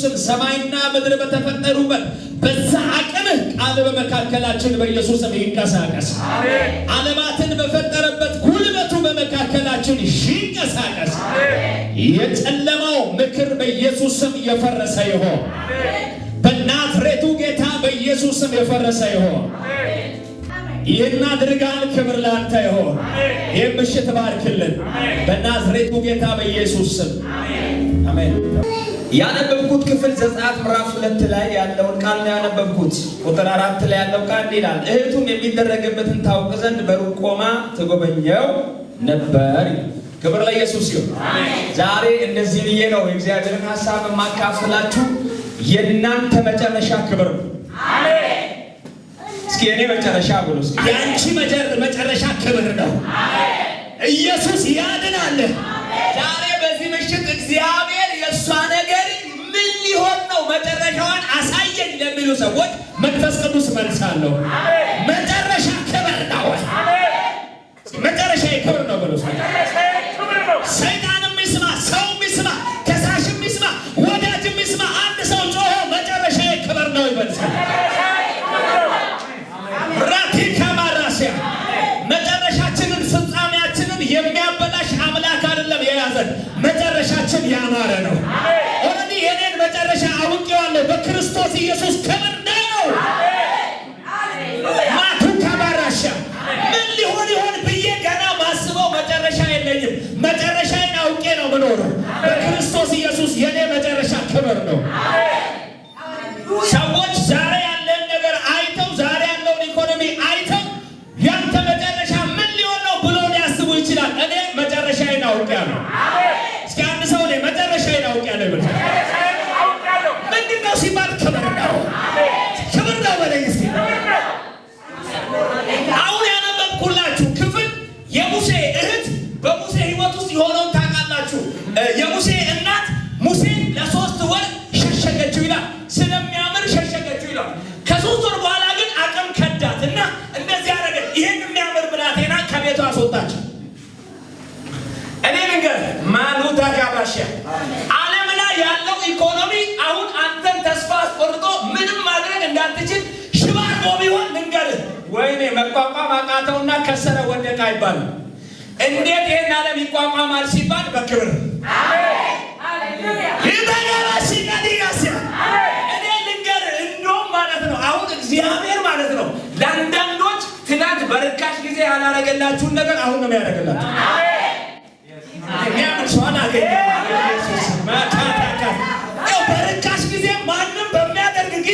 ስም ሰማይና ምድር በተፈጠሩበት በዛ አቅምህ ቃል በመካከላችን ስም ይንቀሳቀስ። ዓለማትን በፈጠረበት ጉልበቱ በመካከላችን ይንቀሳቀስ። የጨለማው ምክር ስም የፈረሰ ይሆን። በናዝሬቱ ጌታ ስም የፈረሰ ይሆን። ይህን አድርጋን ክብር ላንተ ይሆን። ይህም ምሽት ባርክልን፣ በናዝሬቱ ጌታ በኢየሱስ ስም አሜን። ያነበብኩት ክፍል ዘጸአት ምዕራፍ ሁለት ላይ ያለውን ቃል ነው ያነበብኩት። ቁጥር አራት ላይ ያለው ቃል ይላል እህቱም የሚደረግበትን ታውቅ ዘንድ በሩቅ ቆማ ትጎበኘው ነበር። ክብር ለኢየሱስ ይሁን። ዛሬ እንደዚህ ብዬ ነው የእግዚአብሔርን ሀሳብ የማካፍላችሁ። የእናንተ መጨረሻ ክብር ነው። እስኪ የኔ መጨረሻ ብሎ እስኪ የአንቺ መጨረሻ ክብር ነው። ኢየሱስ ያድናል። ዛሬ በዚህ ምሽት እግዚአብሔር የእሷ ነገር ሊሆን ነው መጨረሻዋን አሳየን ለሚሉ ሰዎች መንፈስ ቅዱስ መልሳለሁ። መጨረሻ ክብር ነው። መጨረሻ ክብር ነው ብሎ ምንም ማድረግ እንዳትችል ሽባ አድርጎ ቢሆን ልንገርህ፣ ወይኔ መቋቋም አቃተውና ከሰረ ወደቀ አይባልም። እንዴት ይህን ዓለም ይቋቋማል ሲባል በክብር እኔ ልንገርህ፣ እንደውም ማለት ነው አሁን እግዚአብሔር ማለት ነው ለአንዳንዶች ትናንት በርካሽ ጊዜ ያላረገላችሁን ነገር አሁን ነው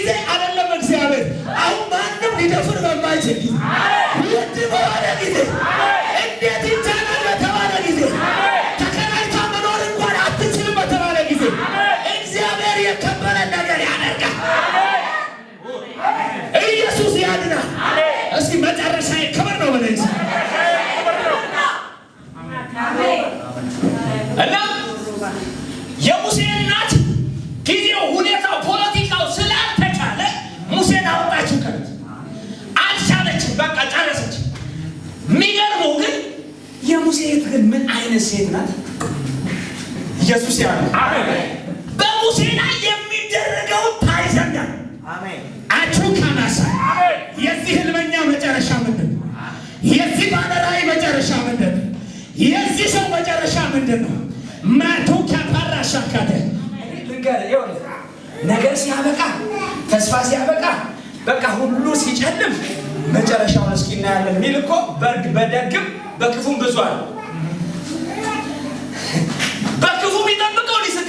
ጊዜ አይደለም እግዚአብሔር አሁን ማንም ሊደፍር በማይችል ጊዜ ውድ በሆነ ጊዜ እንዴት ይቻላል በተባለ ጊዜ ተከራይታ መኖር እንኳን አትችልም በተባለ ጊዜ እግዚአብሔር የከበረ ነገር ያደርጋል። ኢየሱስ ያድናል። እስኪ መጨረሻ ክብር ነው ብለ እና ሴት ግን ምን አይነት ሴት ናት? ኢየሱስ ያለ በሙሴና የሚደረገው ታይዘኛል። አቹ ካናሳ የዚህ ህልመኛ መጨረሻ ምንድን ነው? የዚህ ባለራእይ መጨረሻ ምንድን ነው? የዚህ ሰው መጨረሻ ምንድን ነው? ማቱ ካፓራ ሻካተ ነገር ሲያበቃ ተስፋ ሲያበቃ በቃ ሁሉ ሲጨልም መጨረሻውን እስኪ እናያለን የሚል እኮ በደግም በክፉም ብዙ አለ።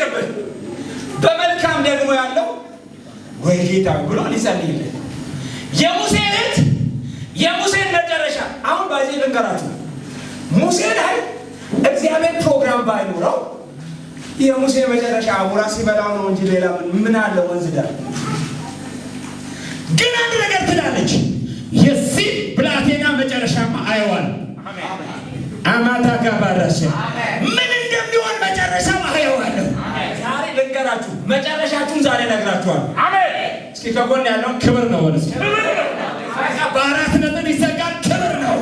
አያስቀበልም። በመልካም ደግሞ ያለው ወይ ጌታ ብሎ ሊጸልይለት የሙሴ እህት የሙሴን መጨረሻ አሁን ባዜ ልንገራችሁ። ሙሴ ላይ እግዚአብሔር ፕሮግራም ባይኖረው የሙሴ መጨረሻ አሞራ ሲበላው ነው እንጂ ሌላ ምን አለ ወንዝ ዳር። ግን አንድ ነገር ትላለች፣ የዚህ ብላቴና መጨረሻማ አየዋል አማታ ጋር ባራሽ መጨረሻችሁን ዛሬ ነግራችኋል። አሜን። እስኪ ከጎን ያለውን ክብር ነው ወደ በአራት ነጥብ ይዘጋል። ክብር ነው።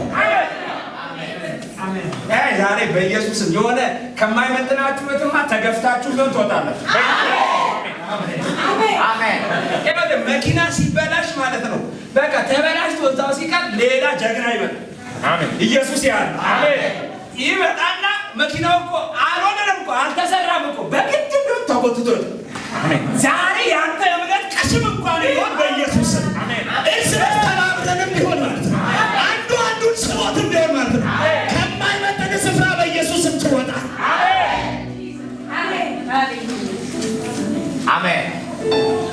ዛሬ በኢየሱስም የሆነ ከማይመጥናችሁ ቤትማ ተገፍታችሁ ዞን ትወጣላችሁ። መኪና ሲበላሽ ማለት ነው በቃ ተበላሽ እዛው ሲቀር ሌላ ጀግና ይመጣል። ኢየሱስ ያለ ይመጣና መኪናው እኮ አልሆነንም እኮ አልተሰራም እኮ በግድ ተጎትቶ ዛሬ ያንተ እምነት ቅስም እንኳን ሊሆን በኢየሱስ እርስ በርስ ተባብተንም ሊሆን ማለት ነው። አንዱ አንዱን ስሞት እንዲሆን ማለት ነው። ከማይመጠን ስፍራ በኢየሱስ ትወጣ። አሜን።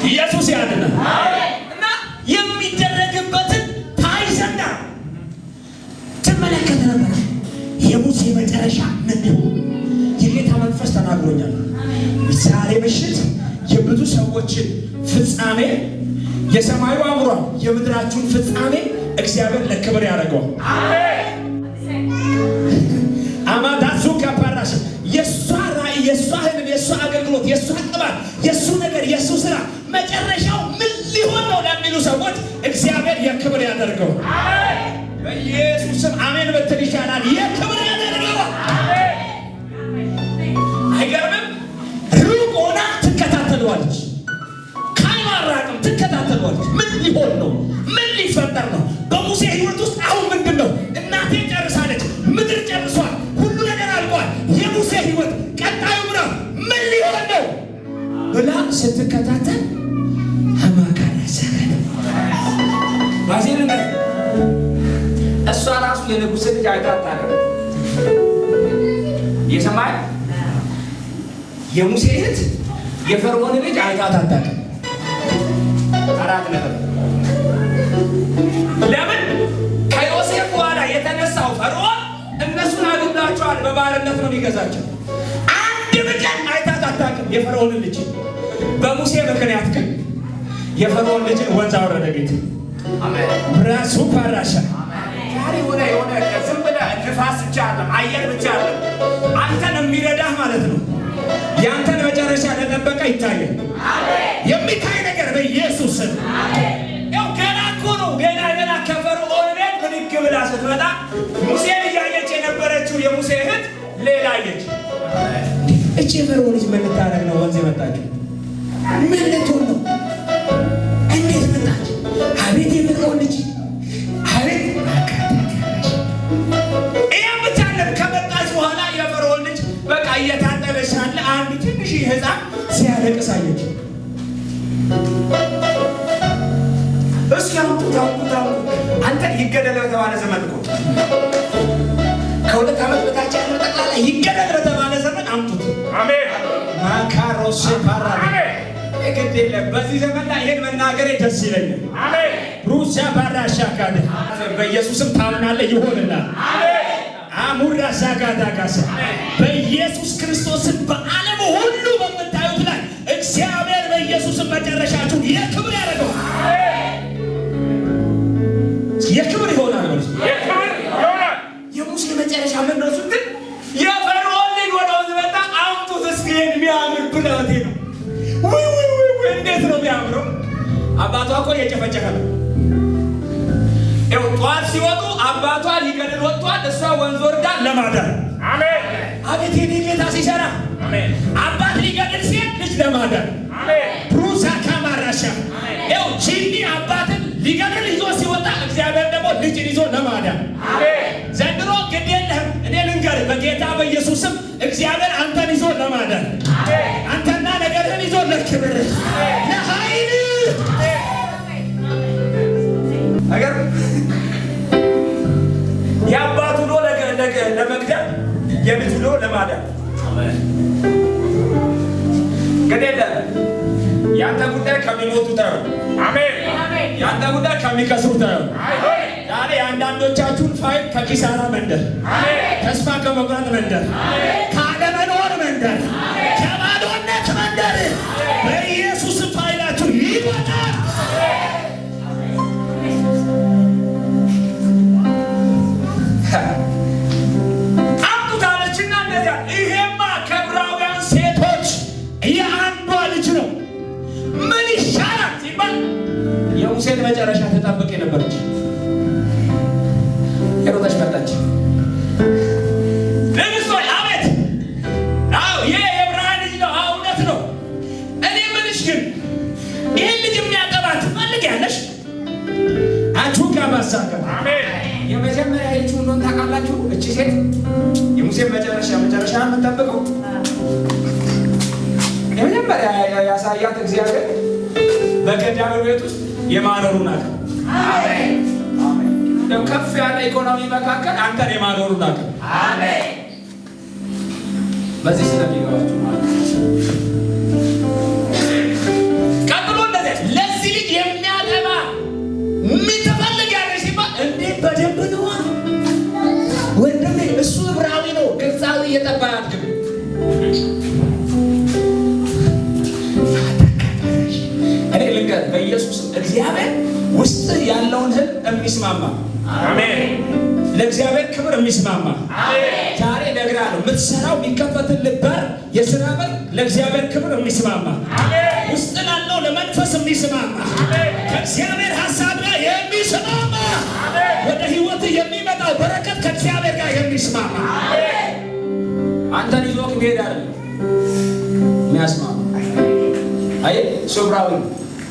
ኢየሱስ ያድናል እና የሚደረግበትን ታይ ትመለከት ነበር። የሙሴ መጨረሻ ምንድን ነው? የጌታ መንፈስ ተናግሮኛል ዛሬ ምሽት ብዙ ሰዎችን ፍጻሜ የሰማዩ አምሯል፣ የምድራችሁን ፍጻሜ እግዚአብሔር ለክብር ያደርገዋል። አማዳሱ ካፓራሽ የእሷ ራእይ፣ የእሷ ህልም፣ የእሷ አገልግሎት፣ የእሷ ቅባት፣ የእሱ ነገር፣ የእሱ ስራ መጨረሻው ምን ሊሆን ነው ለሚሉ ሰዎች እግዚአብሔር የክብር ያደርገው። በኢየሱስም አሜን ብትል ይሻላል። የክብር ያደርገው ትከታተሏለች። ካልማራቅም ትከታተሏለች። ምን ሊሆን ነው? ምን ሊፈጠር ነው? በሙሴ ህይወት ውስጥ አሁን ምንድን ነው? እናቴ ጨርሳለች፣ ምድር ጨርሷል፣ ሁሉ ነገር አልቋል። የሙሴ ህይወት ቀጣዩ ምዕራፍ ምን ሊሆን ነው ብላ ስትከታተል አማካሪ እሷ ራሱ የንጉሥ ልጅ አይታታለ የሰማይ የሙሴ እህት የፈርዖን ልጅ አይታት አታውቅም። አራት ነበር። ለምን ከዮሴፍ በኋላ የተነሳው ፈርዖን እነሱን አግብታቸዋል፣ በባርነት ነው የሚገዛቸው። አንድ ብቻ አይታት አታውቅም የፈርዖን ልጅ። በሙሴ ምክንያት ግን የፈርዖን ልጅ ወንዝ አወረደ ቤት ብራሱ ፓራሻ ዛሬ ሆነ የሆነ ዝም ብለህ ንፋስ ብቻ አለም አየር ብቻ አለም አንተን የሚረዳህ ማለት ነው ያንተን መጨረሻ ለጠበቀ ይታያል። የሚታይ ነገር በኢየሱስ ስም ው ገና እኮ ነው። ገና ገና ከፈርዖን ቤት ብድግ ብላ ስትመጣ ሙሴን እያየች የነበረችው የሙሴ እህት ሌላ አየች። እቺ የፈርዖን ልጅ ምን ልታረግ ነው ወንዝ የመጣችው? ምን ልትሆን ነው? እንዴት መጣች? አቤት የፈርዖን ልጅ ይህ ህፃን ሲያለቅስ አየች። እስኪ አምጡት አምጡት አንተ ይገደል በተባለ ዘመን እኮ ከሁለት ዓመት በታች ያለ ጠቅላላ ይገደል በተባለ ዘመን አምጡት። አሜን ፓራ ግድ የለም በዚህ ዘመን ላይ ይሄን መናገሬ ደስ ይለኛል። አሜን ሩሲያ በኢየሱስም ታምናለህ አሜን አሙራ በኢየሱስ ክርስቶስን በዓለም ሁሉ ኢየሱስን መጨረሻችሁ የክብር ያደረገው የክብር ይሆናል። የሙሴ መጨረሻ መድረሱ ግን የፈርዖን ልጅ ወደ ወንዝ መጣ። አምጡት እስኪ የሚያምር ብላቴ ነው። እንዴት ነው የሚያምረው? አባቷ እኮ የጨፈጨፈ ነው። ጠዋት ሲወጡ አባቷ ሊቀድል ወጥቷል። እሷ ወንዝ ወርዳ ለማዳን አቤት የኔ ጌታ ሲሰራ አባት ሊገድል ሴት ልጅ ለማዳን ሊገድል ይዞ ሲወጣ እግዚአብሔር ደግሞ ልጅን ይዞ ለማዳን ዘንድሮ ግድ የለህም። እኔ ልንገርህ በጌታ በኢየሱስም እግዚአብሔር አንተን ይዞ ለማዳን አንተና ነገርህን ይዞ ለክብር ለኃይል ነገር የአባት ውሎ ለመግደል የልጅ ለማዳን ግድ የለህም። ያንተ ጉዳይ ከሚሞቱት አይሆን። አሜን። ያንተ ጉዳይ ከሚከስሩት አይሆን። ዛሬ የአንዳንዶቻችሁን ፋይል ከኪሳራ መንደር፣ ተስፋ ከመቁረጥ መንደር፣ ካለመኖር መንደር ሴት የሙሴ መጨረሻ መጨረሻ የምጠብቀው የመጀመሪያ ያሳያት እግዚአብሔር በገዳም ቤት ውስጥ የማኖሩ ነገር ከፍ ያለ ኢኮኖሚ መካከል አንተን የማኖሩ ነገር በዚህ ስለሚገባቸው ለእግዚአብሔር ውስጥ ያለውን ህል የሚስማማ ለእግዚአብሔር ክብር የሚስማማ ዛሬ እነግርሃለሁ፣ የምትሰራው የሚከፈትልህ በር የስራ በር ለእግዚአብሔር ክብር የሚስማማ ውስጥ ላለው ለመንፈስ የሚስማማ ከእግዚአብሔር ሀሳብ ጋር የሚስማማ ወደ ህይወት የሚመጣው በረከት ከእግዚአብሔር ጋር የሚስማማ አንተን ይዞ ሄዳለ የሚያስማማ አይ ሶብራዊ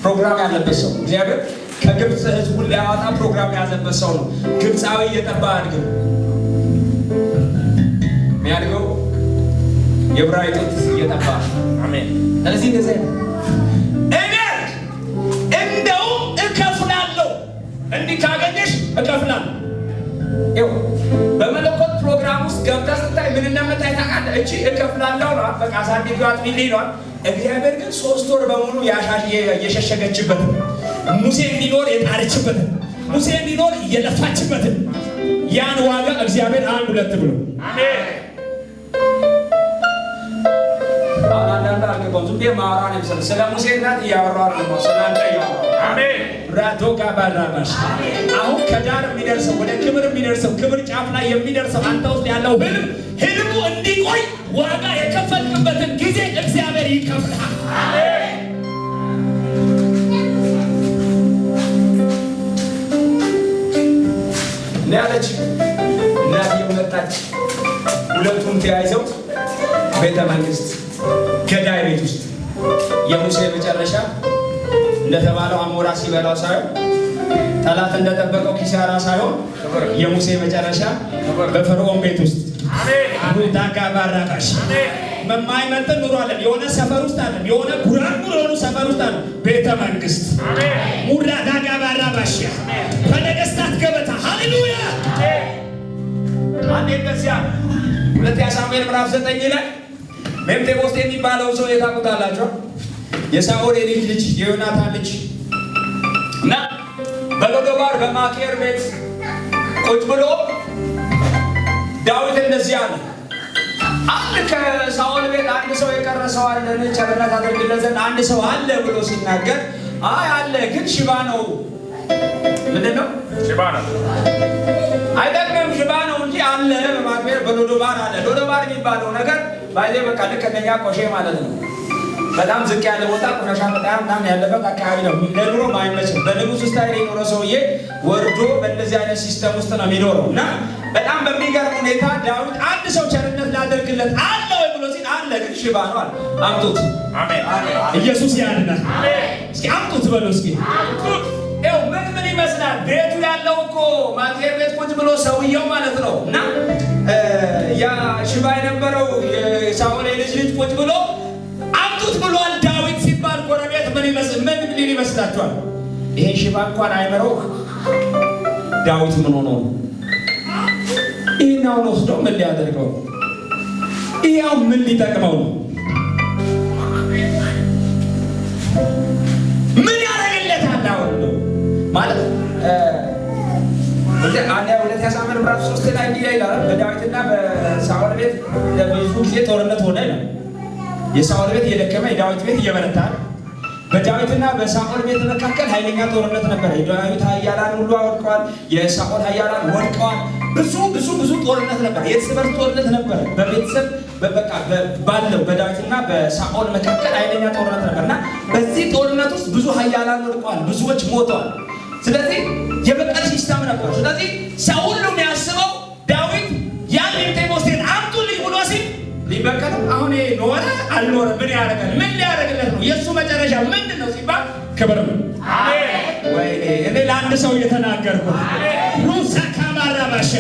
ፕሮግራም ያለበት ሰው እግዚአብሔር ከግብፅ ሕዝቡን ሊያወጣ ፕሮግራም ያለበት ሰው ነው። ግብፃዊ እየጠባ አያድግም። የሚያድገው የብራዊ ጡት እየጠባ አሜን። ስለዚህ እንደዚህ እኔ እንደውም እከፍላለሁ፣ እንዲህ ካገኘሽ እከፍላለሁ። በመለኮት ፕሮግራም ውስጥ ገብተህ ስታይ ምን እንደምታይ ታውቃለህ። እቺ እከፍላለሁ ነው በቃ ሳንዲጓት ሚሊ ይሏል እግዚአብሔር ግን ሶስት ወር በሙሉ የሸሸገችበትን ሙሴ እንዲኖር የጣረችበትን ሙሴ እንዲኖር የለፋችበትን ያን ዋጋ እግዚአብሔር አንድ ሁለት ብሎ ስለ ሙሴ እናት አሁን ከዳር የሚደርሰው ወደ ክብር የሚደርሰው ክብር ጫፍ ላይ የሚደርሰው አንተ ውስጥ ያለው ህልም ህልሙ እንዲቆይ ዋጋ ይከፍታል። ያለች እናት መጣች። ሁለቱም ተያይዘው ቤተ መንግስት ገዳይ ቤት ውስጥ የሙሴ መጨረሻ እንደተባለው አሞራ ሲበላው ሳይሆን ጠላት እንደጠበቀው ኪሳራ ሳይሆን የሙሴ መጨረሻ በፈርዖን ቤት ውስጥ ዳጋ ባራቃሽ የማይመጥን ኑሮ አለን። የሆነ ሰፈር ውስጥ አለን። የሆነ ጉራንጉር የሆኑ ሰፈር ውስጥ አለን። ቤተ መንግስት ሙራ ዳጋ ባራ በነገስታት ገበታ ሃሌሉያ። አንዴ እንደዚያ ሁለተኛ ሳሙኤል ምዕራፍ ዘጠኝ ላይ ሜምፊቦስቴ የሚባለው ሰው የታቁታላቸው የሳኦል የልጅ ልጅ የዮናታን ልጅ እና በሎዶባር በማኬር ቤት ቁጭ ብሎ ዳዊት እንደዚህ አለ አንድ ከሳኦል ቤት አንድ ሰው የቀረ ሰው አለ፣ ቸርነት አድርግለት ዘንድ አንድ ሰው አለ ብሎ ሲናገር አይ አለ፣ ግን ሽባ ነው። ምንድን ነው ሽባ ነው አይጠቅምም፣ ሽባ ነው እንጂ አለ በማግበር በሎዶባር አለ። ሎዶባር የሚባለው ነገር ባይዜ በቃ ልክ እንደኛ ቆሼ ማለት ነው። በጣም ዝቅ ያለ ቦታ ቆሻሻ በጣም ምናምን ያለበት አካባቢ ነው። ለኑሮ ማይመችም በንጉሥ ስታይል የኖረ ሰውዬ ወርዶ በእንደዚህ አይነት ሲስተም ውስጥ ነው የሚኖረው እና በጣም በሚገርም ሁኔታ ዳዊት አንድ ሰው ቸርነት ላደርግለት አለ ወይ ብሎ ሲል አለ፣ ግን ሽባ ነው አለ። አምጡት። አሜን። ኢየሱስ ያድናል። እስኪ አምጡት በሉ እስኪ አምጡት። ው ምን ምን ይመስላል ቤቱ ያለው እኮ ማቴር ቤት ቁጭ ብሎ ሰውየው ማለት ነው። እና ያ ሽባ የነበረው የሳሙኤል ልጅ ልጅ ቁጭ ብሎ አምጡት ብሏል ዳዊት ሲባል ጎረቤት ምን ይመስል ምን ሊል ይመስላችኋል? ይሄ ሽባ እንኳን አይመረው ዳዊት ምን ሆኖ ነው ይህን አሁን ወስዶ ምን ሊያደርገው ነው? ይህ አሁን ምን ሊጠቅመው ነው? ምን ያደርግለታል? አሁን ማለት አንድ ሁለት ያሳመን ምዕራፍ ሶስት ላይ እንዲህ ይላል። በዳዊትና በሳኦል ቤት ብዙ ጊዜ ጦርነት ሆነ ነው። የሳኦል ቤት እየደከመ የዳዊት ቤት እየበረታ በዳዊትና በሳኦል ቤት መካከል ኃይለኛ ጦርነት ነበረ። የዳዊት ኃያላን ሁሉ አወድቀዋል። የሳኦል ኃያላን ወድቀዋል። ብዙ ብዙ ብዙ ጦርነት ነበር። የእርስ በርስ ጦርነት ነበር። በቤተሰብ በበቃ ባለው በዳዊትና በሳኦል መካከል ኃይለኛ ጦርነት ነበር እና በዚህ ጦርነት ውስጥ ብዙ ኃያላን ወድቀዋል፣ ብዙዎች ሞተዋል። ስለዚህ የበቀል ሲስተም ነበር። ስለዚህ ሰው ሁሉ የሚያስበው ዳዊት ያን ሜምፊቦስቴን አምጡልኝ ብሎ ሲል ሊበቀል አሁን ኖረ አልኖረ ምን ያደረጋል? ምን ሊያደርግለት ነው? የእሱ መጨረሻ ምንድን ነው ሲባል ክብር ነው። ወይኔ እኔ ለአንድ ሰው እየተናገርኩ አላባሸ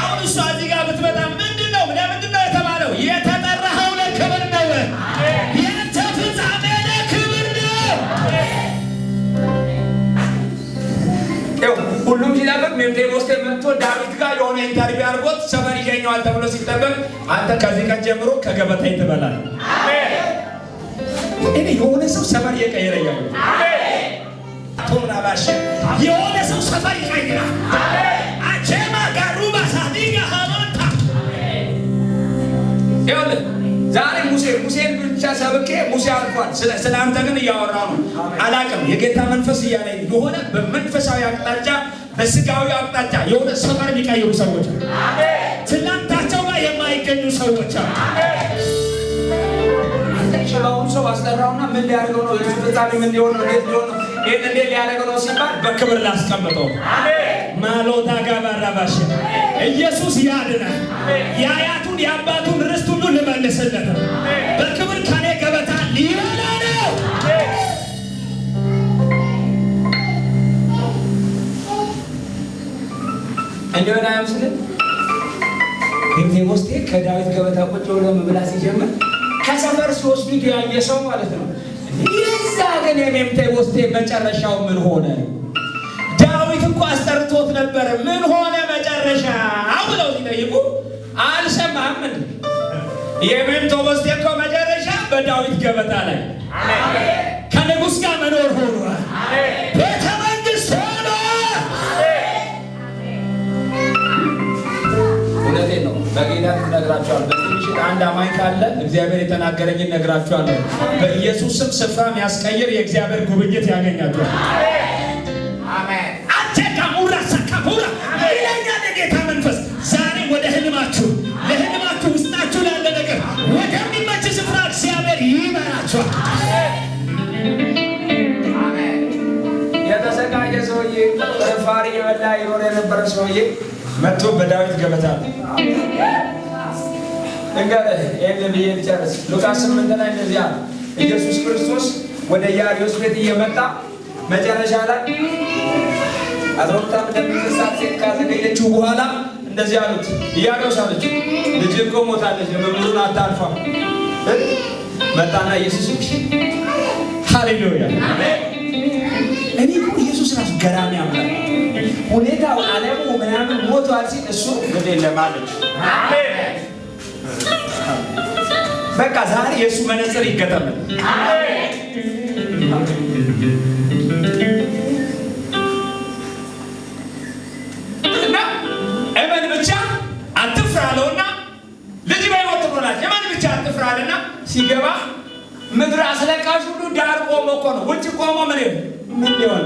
አሁን እሷ እዚህ ጋር ብትመጣ ምንድን ነው ለምንድን ነው የተባለው? የተጠራኸው ለክብር ነው። ያንተ ፍጻሜ ለክብር ነው። ሁሉም ሲጠብቅ ሜምቴሮስ መጥቶ ዳዊት ጋር የሆነ ኢንተርቪው አድርጎት ሰፈር ይገኘዋል ተብሎ ሲጠበቅ አንተ ከዚህ ቀን ጀምሮ ከገበታ ትበላል። እኔ የሆነ ሰው ሰፈር የቀይረኛል። አሜን። የሆነ ሰው ሰፈር ይቀይራል። ሴማ ጋሩባ ሙሴ ሙሴን ብቻ ሙሴ አልፏል። ስለ አንተ ግን እያወራ ነው። አላቅም የጌታ መንፈስ እያለ የሆነ በመንፈሳዊ አቅጣጫ በስጋዊ አቅጣጫ የሆነ ሰፈር የሚቀይሩ ሰዎች ትናንታቸው ጋር የማይገኙ ሰዎች ሰው አስጠራውና ምን ሊያደርገው ነው? ምን ሊሆን ነው? ሊያደርገው ነው ሲባል በክብር ላስቀምጠው ማሎታ ጋባራባሽ ኢየሱስ ያድናል። የአያቱን የአባቱን ርስት ሁሉ ልመልስለት በክብር ከኔ ገበታ ሊበላ ነው። እንዲሆን አይመስልም። ኒቆዲሞስ ከዳዊት ገበታ ቁጭ ብሎ መብላት ሲጀምር ከሰፈር ሲወስዱት ያየ ሰው ማለት ነው። ይዛ ግን የኔምቴዎስ መጨረሻው ምን ሆነ? ዘግቶት ነበር። ምን ሆነ መጨረሻ ብለው ሲጠይቁ አልሰማም። የሜምፊቦስቴ እኮ መጨረሻ በዳዊት ገበታ ላይ ከንጉሥ ጋር መኖር ቤተ መንግሥት ሆኖ ነው። አንድ አማኝ ካለ እግዚአብሔር የተናገረኝን በኢየሱስ በኢየሱስም ስፍራ የሚያስቀይር የእግዚአብሔር ጉብኝት ያገኛቸዋል። የነበረው ሰውዬ መጥቶ በዳዊት ገበታ እንገርህ ይህን ብዬ ልጨርስ። ሉቃስ ስምንት ላይ እንደዚህ አለ። ኢየሱስ ክርስቶስ ወደ ያሪዮስ ቤት እየመጣ መጨረሻ ላይ አዝሮታ እንደምትሳት ሴት ካዘገየችው በኋላ እንደዚህ አሉት። ኢያሪዮስ አለች፣ ልጅ እኮ ሞታለች፣ መብሉን አታልፏል። መጣና ኢየሱስ ሃሌሉያ ለኔ ደግሞ ኢየሱስ ራሱ ገራሚ አምላክ ሁኔታው፣ ዓለሙ ምናምን ሞቷል ሲል እሱ ግድ የለም አለች። በቃ ዛሬ የእሱ መነጽር ይገጠምን። እመን ብቻ አትፍራ አለውና ልጅ ባይሞት ብሎናል። እመን ብቻ አትፍራ አለና ሲገባ ምድር አስለቃሽ ሁሉ ዳር ቆሞ እኮ ነው ውጭ ቆሞ ምን ምን ሊሆን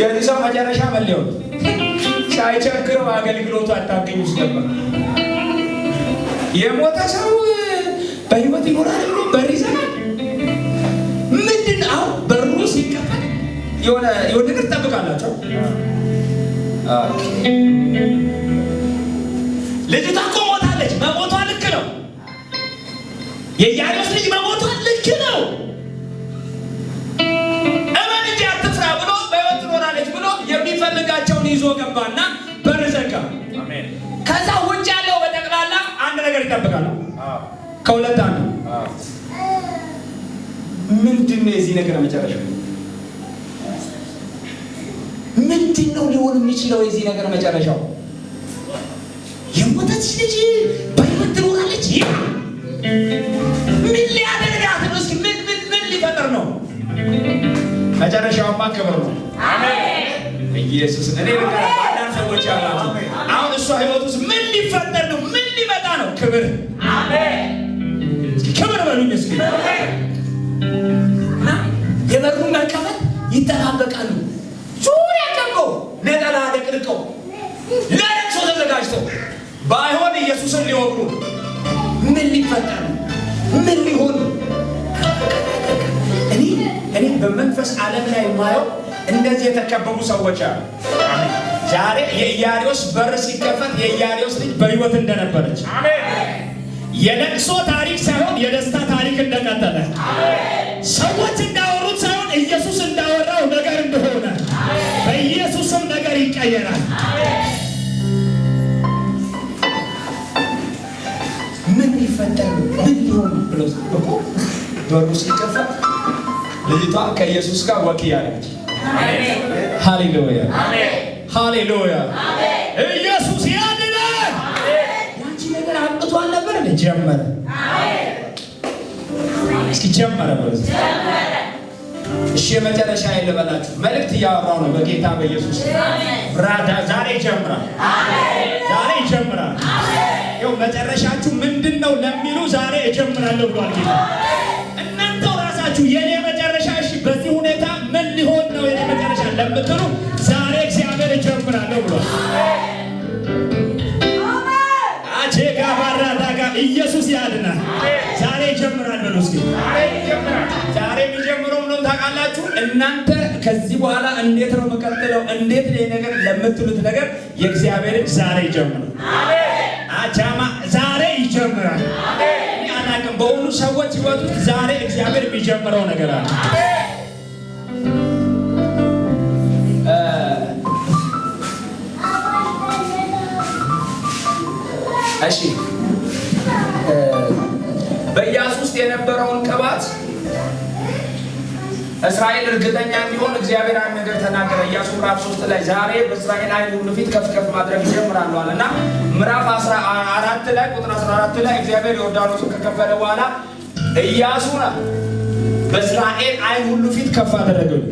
የዚህ ሰው መጨረሻ ምን ሊሆን? ሳይቸግረው አገልግሎቱ አታገኙ ስለባ የሞተ ሰው በህይወት ይኖራል ብሎ በር ይዘጋል። ምንድን አሁን በሩ ሲከፈል የሆነ የሆነ ነገር ትጠብቃላቸው። ልጅቷ እኮ ሞታለች። መሞቷ ልክ ነው። የኢያሪስ ልጅ መሞቷ ልክ ነው። እጃቸውን ይዞ ገባና በር ዘጋ። ከዛ ውጭ ያለው በጠቅላላ አንድ ነገር ይጠብቃል። ከሁለት አንዱ ምንድን ነው? የዚህ ነገር መጨረሻ ምንድን ነው ሊሆን የሚችለው? የዚህ ነገር መጨረሻው የሞተች ልጅ በሕይወት ትኖራለች። ምን ሊያደርጋት ነው? እስኪ ምን ምን ሊፈጥር ነው? መጨረሻውማ ክብር ነው። አሜን ኢየሱስ እኔ ባዳን ሰዎች ያላችሁ አሁን እሷ ህይወት ውስጥ ምን ሊፈጠር ነው? ምን ሊመጣ ነው? ክብር ክብር በሉኝ እስኪ። የበሩን መከፈት ይጠባበቃሉ። ዙሪያ ቀቆ ነጠላ ደቅድቀው ለለቅሶ ተዘጋጅተው ባይሆን ኢየሱስን ሊወቅሩ ምን ሊፈጠር ነው? ምን ሊሆን እኔ እኔ በመንፈስ ዓለም ላይ የማየው እንደዚህ የተከበቡ ሰዎች አሉ። ዛሬ የኢያሪዎስ በር ሲከፈት የኢያሪዎስ ልጅ በህይወት እንደነበረች የለቅሶ ታሪክ ሳይሆን የደስታ ታሪክ እንደቀጠለ ሰዎች እንዳወሩት ሳይሆን ኢየሱስ እንዳወራው ነገር እንደሆነ በኢየሱስም ነገር ይቀየራል። ምን ይፈጠር ምን ሊሆን ብሎ በሩ ሲከፈት ልጅቷ ከኢየሱስ ጋር ወቅ ያለች ሃሌሉያ ሃሌሉያ። ኢየሱስ ያድናል። ያንቺ ነገር አብቅቶ አልነበር እንደ ጀመረ እስኪ ጀመረ እሺ፣ የመጨረሻ ልበላችሁ መልእክት እያወራሁ ነው። በጌታ በኢየሱስ ራዳ ዛሬ ይጀምራል። ዛሬ ይጀምራል። ይኸው መጨረሻችሁ ምንድን ነው ለሚሉ ዛሬ እጀምራለሁ ብሏል ጌታ እናንተው ራሳችሁ እጨምራለሁ ብሏል። አቼ ጋባራ ዳጋ ኢየሱስ ያድናል። ዛሬ ይጀምራል ብሎ እስኪ ዛሬ የሚጀምረው ነው ታውቃላችሁ እናንተ ከዚህ በኋላ እንዴት ነው መቀጥለው እንዴት ነው ነገር ለምትሉት ነገር የእግዚአብሔር ዛሬ ይጀምራል። አቻማ ዛሬ ይጀምራል። አሜን። አናውቅም በሁሉ ሰዎች ይወጡት ዛሬ እግዚአብሔር የሚጀምረው ነገር አለ። እሺ በኢያሱ ውስጥ የነበረውን ቅባት እስራኤል እርግጠኛ እንዲሆን እግዚአብሔር አንድ ነገር ተናገረ። ኢያሱ ምዕራፍ ሶስት ላይ ዛሬ በእስራኤል አይ ሁሉ ፊት ከፍ ከፍ ማድረግ ይጀምራለዋል እና ምዕራፍ አራት ላይ ቁጥር 14 ላይ እግዚአብሔር ዮርዳኖስን ከከፈለ በኋላ ኢያሱና በእስራኤል አይ ሁሉ ፊት ከፍ አደረገው።